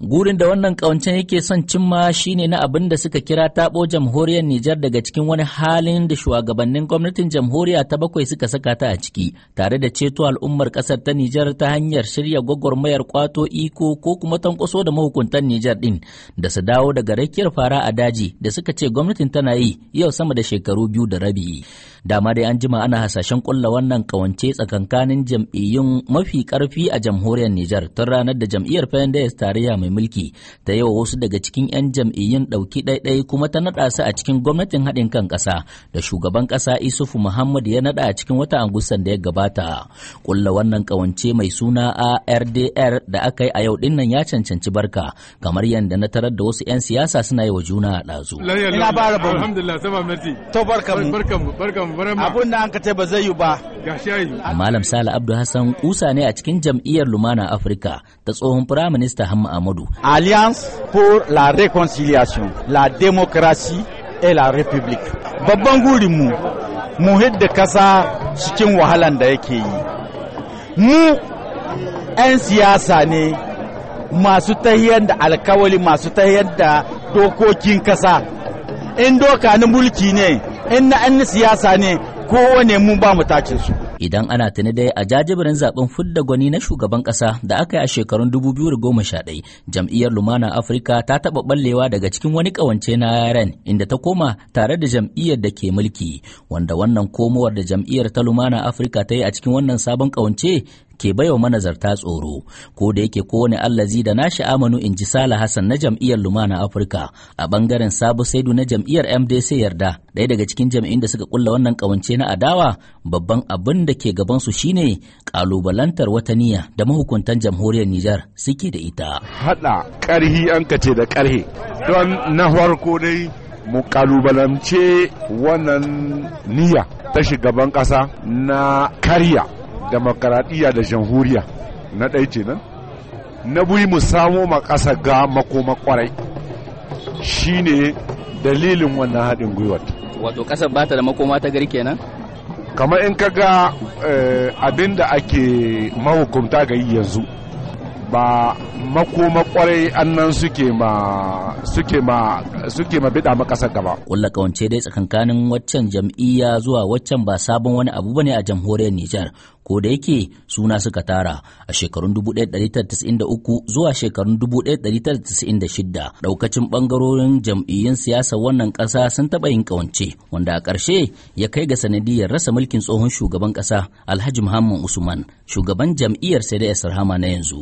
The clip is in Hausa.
Gurin da wannan ƙawancen yake son cimma shine na abin da suka kira Tabo jamhuriyar Nijar daga cikin wani halin da shugabannin gwamnatin jamhuriya ta bakwai suka saka ta a ciki, tare da ceto al'ummar ƙasar ta Nijar ta hanyar shirya gwagwarmayar kwato iko ko kuma tankwaso da mahukuntan Nijar ɗin da su dawo daga rakiyar fara a daji da suka ce gwamnatin tana yi yau sama da shekaru biyu da rabi. dama dai an jima ana hasashen kulla wannan kawance tsakankanin jam'iyyun mafi karfi a jamhuriyar Nijar tun ranar da jam'iyyar PNDS tarayya mai mulki ta yi wa wasu daga cikin 'yan jam'iyyun ɗauki ɗaiɗai kuma ta naɗa su a cikin gwamnatin haɗin kan ƙasa da shugaban ƙasa Isufu Muhammad ya naɗa a cikin wata angusan da ya gabata. Kulla wannan kawance mai suna ARDR da aka yi a yau nan ya cancanci barka kamar yadda na tarar da wasu 'yan siyasa suna yi wa juna a ɗazu. Ina ba rabon Alhamdulillah, sama To abun da an ba zai yi ba malam sale abdu hassan kusa ne a cikin jam'iyyar lumana afirka ta tsohon firaminista hamma amadu alliance pour la réconciliation la démocratie et la république babban gurinmu mu hidda kasa cikin wahalan da yake yi mu 'yan siyasa ne masu tahiyar da alkawali masu tahiyar da dokokin kasa in doka mulki ne in na an siyasa ne kowane mu ba mu tace su idan ana tuni dai a jajibirin zaben fudda gwani na shugaban ƙasa da aka yi a shekarun 2011 jam'iyyar lumana afirka ta taɓa ɓallewa daga cikin wani ƙawance na yaren inda ta koma tare da jam'iyyar da ke mulki wanda wannan komowar da jam'iyyar ta lumana afirka ta yi a cikin wannan sabon ƙawance ke baiwa manazarta tsoro ko da yake kowane allazi da nashi amanu in ji sala hassan na jam'iyyar luma na afirka a bangaren Sabu saidu na jam'iyyar mdc yarda ɗaya daga cikin jam'in da suka kulla wannan kawance na adawa babban abin da ke gabansu shine kalubalantar wata niyya da mahukuntan jamhuriyar nijar suke da ita hada karhi an kace da karhe don na farko dai mu kalubalance wannan niyya ta shugaban ƙasa na karya demokaradiyya da jamhuriya na ɗai kenan na bui mu samo ma ƙasa ga makoma kwarai shine dalilin wannan haɗin gwiwar wato ƙasar ba ta da makoma ta gari kenan kamar in ka ga eh, abin da ake mahukunta ga yi yanzu ba makoma kwarai annan suke ma suke ma suke ma bida gaba kulla kawance dai tsakankanin waccan jam'iyya zuwa waccan ba sabon wani abu bane a jamhuriyar Nijar ko da yake suna suka tara a shekarun 1993 zuwa shekarun 1996 daukacin bangarorin jam'iyyun siyasa wannan kasa sun taba yin kawance wanda a ƙarshe ya kai ga sanadiyar rasa mulkin tsohon shugaban kasa Alhaji Muhammad Usman shugaban jam'iyyar saida da na yanzu